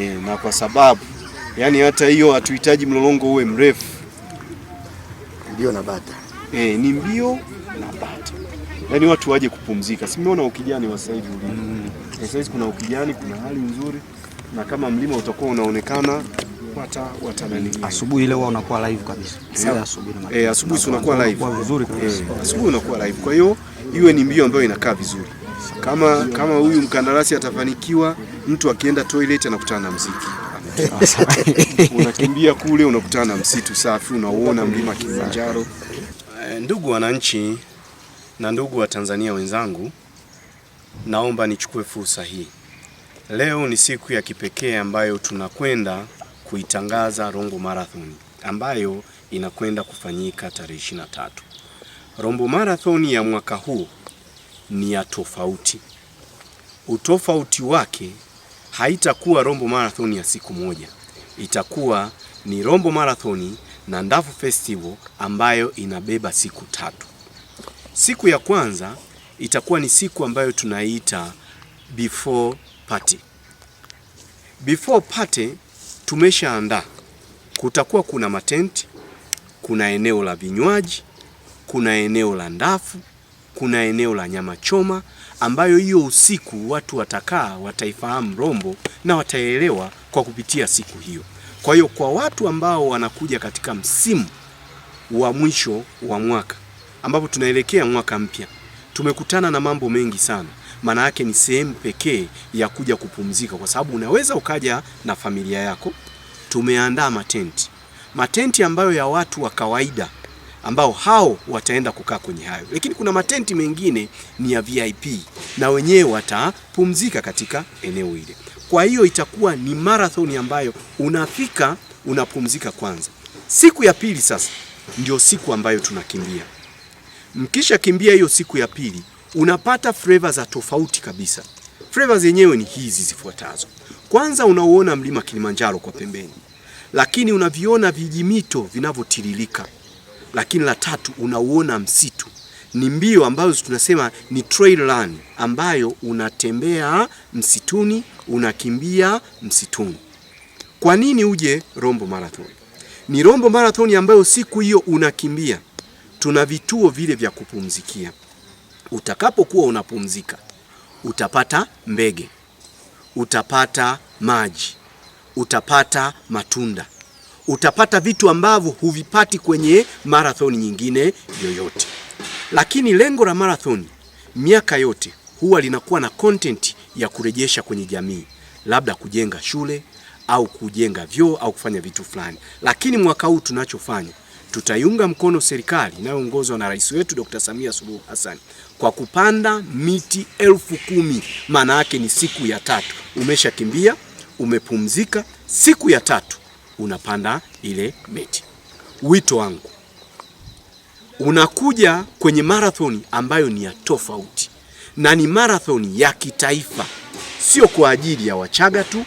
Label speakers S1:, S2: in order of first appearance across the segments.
S1: e, na kwa sababu yani hata hiyo hatuhitaji mlolongo uwe mrefu, mbio na bata e, ni mbio na bata, yani watu waje kupumzika. Simeona ukijani wa sasa hivi mm. E, sasa hivi kuna ukijani, kuna hali nzuri, na kama mlima utakuwa unaonekana wata watanani
S2: asubuhi leo unakuwa live kabisa sasa, eh, asubuhi
S1: na eh, asubuhi unakuwa live
S2: vizuri kabisa,
S1: asubuhi unakuwa live. Kwa hiyo iwe ni mbio ambayo inakaa vizuri. Kama kama huyu mkandarasi atafanikiwa, mtu akienda toilet anakutana na mziki unakimbia kule unakutana na msitu safi, unauona mlima Kilimanjaro.
S3: Eh, ndugu wananchi na ndugu wa Tanzania wenzangu, naomba nichukue fursa hii. Leo ni siku ya kipekee ambayo tunakwenda kuitangaza Rombo Marathon ambayo inakwenda kufanyika tarehe 23. Rombo Marathon ya mwaka huu ni ya tofauti. Utofauti wake haitakuwa Rombo Marathon ya siku moja, itakuwa ni Rombo Marathon na Ndafu Festival ambayo inabeba siku tatu. Siku ya kwanza itakuwa ni siku ambayo tunaita before party. Before party tumeshaandaa, kutakuwa kuna matenti, kuna eneo la vinywaji, kuna eneo la ndafu kuna eneo la nyama choma, ambayo hiyo usiku watu watakaa, wataifahamu Rombo na wataelewa kwa kupitia siku hiyo. Kwa hiyo kwa watu ambao wanakuja katika msimu wa mwisho wa mwaka ambapo tunaelekea mwaka mpya, tumekutana na mambo mengi sana. Maana yake ni sehemu pekee ya kuja kupumzika, kwa sababu unaweza ukaja na familia yako. Tumeandaa matenti, matenti ambayo ya watu wa kawaida ambao hao wataenda kukaa kwenye hayo, lakini kuna matenti mengine ni ya VIP na wenyewe watapumzika katika eneo ile. Kwa hiyo itakuwa ni marathoni ambayo unafika unapumzika kwanza. Siku ya pili sasa ndio siku ambayo tunakimbia. Mkisha kimbia hiyo siku ya pili unapata flavor za tofauti kabisa. Flavor zenyewe ni hizi zifuatazo. Kwanza unauona mlima Kilimanjaro kwa pembeni, lakini unaviona vijimito vinavyotiririka lakini la tatu unauona msitu, ni mbio ambazo tunasema ni trail run, ambayo unatembea msituni, unakimbia msituni. Kwa nini uje Rombo Marathon? Ni Rombo Marathon ambayo siku hiyo unakimbia, tuna vituo vile vya kupumzikia. Utakapokuwa unapumzika, utapata mbege, utapata maji, utapata matunda utapata vitu ambavyo huvipati kwenye marathon nyingine yoyote. Lakini lengo la marathon miaka yote huwa linakuwa na content ya kurejesha kwenye jamii, labda kujenga shule au kujenga vyoo au kufanya vitu fulani. Lakini mwaka huu tunachofanya tutaiunga mkono serikali inayoongozwa na rais wetu Dr. Samia Suluhu Hassan kwa kupanda miti elfu kumi. Maana yake ni siku ya tatu, umeshakimbia umepumzika, siku ya tatu unapanda ile miti. Wito wangu unakuja kwenye marathoni ambayo ni ya tofauti na ni marathoni ya kitaifa, sio kwa ajili ya Wachaga tu,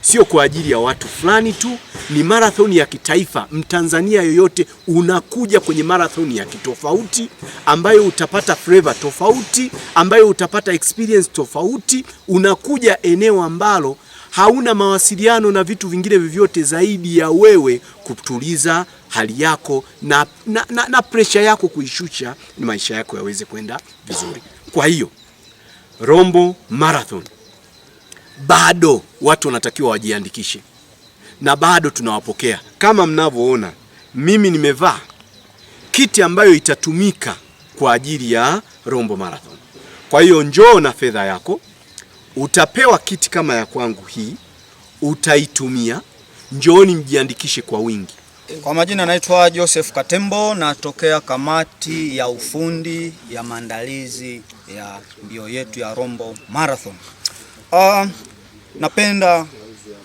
S3: sio kwa ajili ya watu fulani tu, ni marathoni ya kitaifa. Mtanzania yoyote unakuja kwenye marathoni ya kitofauti ambayo utapata flavor tofauti, ambayo utapata experience tofauti. Unakuja eneo ambalo hauna mawasiliano na vitu vingine vyovyote zaidi ya wewe kutuliza hali yako na, na, na, na presha yako kuishusha, ni maisha yako yaweze kwenda vizuri. Kwa hiyo Rombo Marathon bado watu wanatakiwa wajiandikishe, na bado tunawapokea. Kama mnavyoona, mimi nimevaa kiti ambayo itatumika kwa ajili ya Rombo Marathon. Kwa hiyo njoo na fedha yako. Utapewa kiti kama ya kwangu hii, utaitumia. Njooni mjiandikishe kwa wingi.
S4: Kwa majina naitwa Joseph Katembo, natokea kamati ya ufundi ya maandalizi ya mbio yetu ya Rombo Marathon. Uh, napenda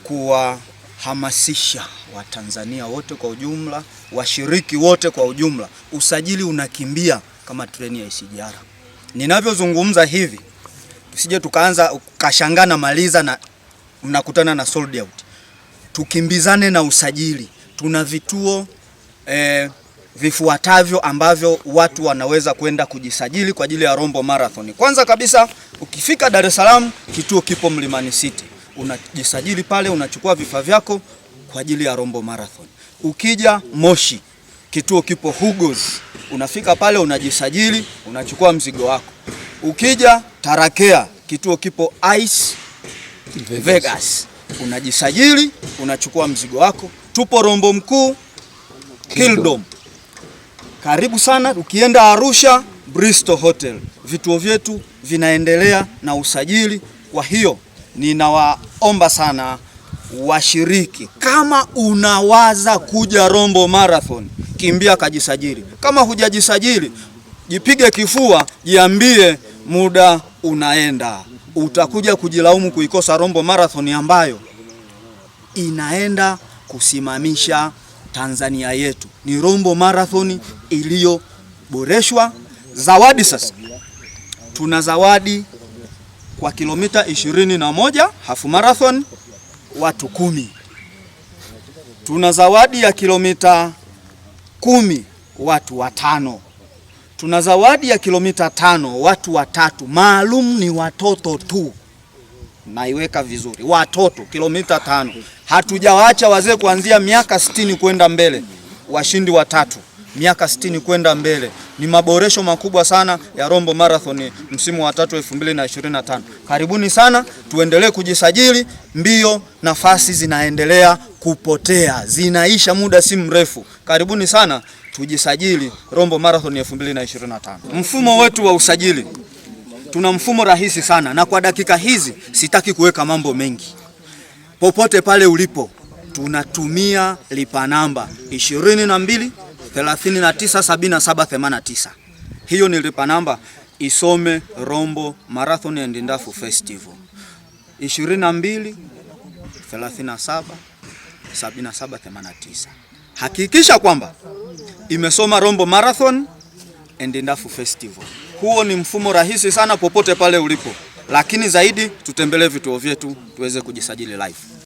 S4: kuwahamasisha Watanzania wote kwa ujumla, washiriki wote kwa ujumla, usajili unakimbia kama treni ya SGR. Ninavyozungumza hivi tusije tukaanza kashangana maliza na mnakutana na sold out. Tukimbizane na usajili, tuna vituo eh, vifuatavyo ambavyo watu wanaweza kwenda kujisajili kwa ajili ya Rombo Marathon. Kwanza kabisa ukifika Dar es Salaam, kituo kipo Mlimani City, unajisajili pale, unachukua vifaa vyako kwa ajili ya Rombo Marathon. Ukija Moshi, kituo kipo Hugos, unafika pale, unajisajili, unachukua mzigo wako. Ukija Tarakea, kituo kipo Ice Vegas, Vegas. Unajisajili, unachukua mzigo wako. Tupo Rombo Mkuu Kingdom. karibu sana. Ukienda Arusha Bristol Hotel, vituo vyetu vinaendelea na usajili. Kwa hiyo ninawaomba sana washiriki, kama unawaza kuja Rombo Marathon, kimbia kajisajili. Kama hujajisajili, jipige kifua, jiambie muda unaenda utakuja kujilaumu kuikosa Rombo Marathon ambayo inaenda kusimamisha Tanzania yetu. Ni Rombo Marathon iliyoboreshwa. Zawadi sasa, tuna zawadi kwa kilomita ishirini na moja hafu marathon watu kumi. Tuna zawadi ya kilomita kumi watu watano tuna zawadi ya kilomita tano watu watatu, maalum ni watoto tu. Naiweka vizuri, watoto kilomita tano. Hatujawaacha wazee kuanzia miaka sitini kwenda mbele, washindi watatu miaka 60 kwenda mbele. Ni maboresho makubwa sana ya Rombo Marathon msimu wa tatu 2025. Karibuni sana, tuendelee kujisajili mbio, nafasi zinaendelea kupotea, zinaisha muda si mrefu. Karibuni sana tujisajili Rombo Marathon 2025. Mfumo wetu wa usajili tuna mfumo rahisi sana, na kwa dakika hizi sitaki kuweka mambo mengi. Popote pale ulipo, tunatumia lipa namba ishirini na mbili 39779789. Hiyo ni lipa namba isome Rombo Marathon and Ndafu Festival 22 37 7789. Hakikisha kwamba imesoma Rombo Marathon and Ndafu Festival. Huo ni mfumo rahisi sana popote pale ulipo, lakini zaidi tutembelee vituo vyetu tuweze kujisajili live.